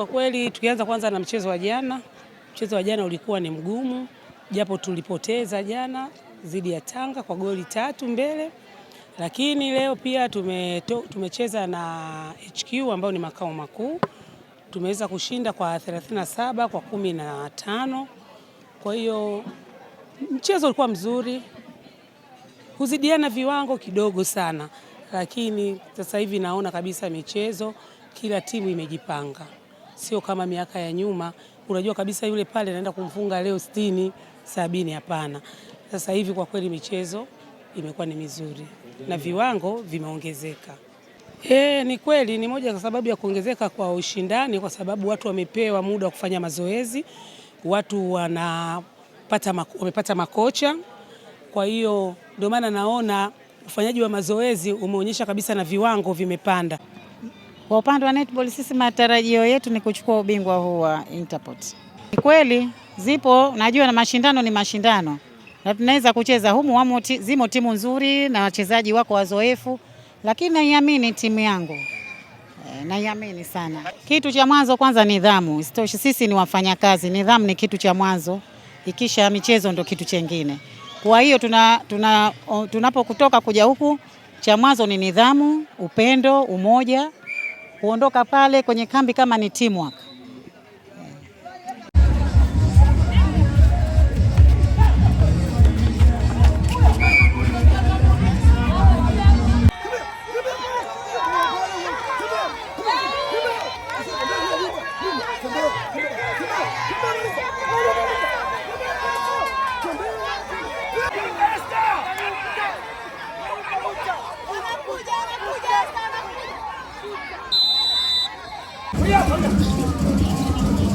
Kwa kweli tukianza kwanza na mchezo wa jana, mchezo wa jana ulikuwa ni mgumu, japo tulipoteza jana dhidi ya Tanga kwa goli tatu mbele, lakini leo pia tumeto, tumecheza na HQ ambayo ni makao makuu, tumeweza kushinda kwa 37 kwa 15. Kwa hiyo mchezo ulikuwa mzuri, kuzidiana viwango kidogo sana, lakini sasa hivi naona kabisa michezo kila timu imejipanga sio kama miaka ya nyuma, unajua kabisa yule pale anaenda kumfunga leo sitini sabini. Hapana, sasa hivi kwa kweli michezo imekuwa ni mizuri na viwango vimeongezeka. E, ni kweli ni moja kwa sababu ya kuongezeka kwa ushindani, kwa sababu watu wamepewa muda wa kufanya mazoezi, watu wanapata mako, wamepata makocha. Kwa hiyo ndio maana naona ufanyaji wa mazoezi umeonyesha kabisa na viwango vimepanda. Kwa upande wa netball, sisi matarajio yetu ni kuchukua ubingwa huu wa Interport. Ni kweli zipo, najua na mashindano ni mashindano na tunaweza kucheza humu wamo, zimo timu nzuri na wachezaji wako wazoefu, lakini naiamini timu yangu e, naiamini sana. Kitu cha mwanzo kwanza nidhamu. Isitoshe sisi ni wafanyakazi, nidhamu ni kitu cha mwanzo, ikisha michezo ndo kitu chengine. Kwa hiyo tuna, tuna, tunapokutoka kuja huku cha mwanzo ni nidhamu, upendo, umoja kuondoka pale kwenye kambi kama ni teamwork. よし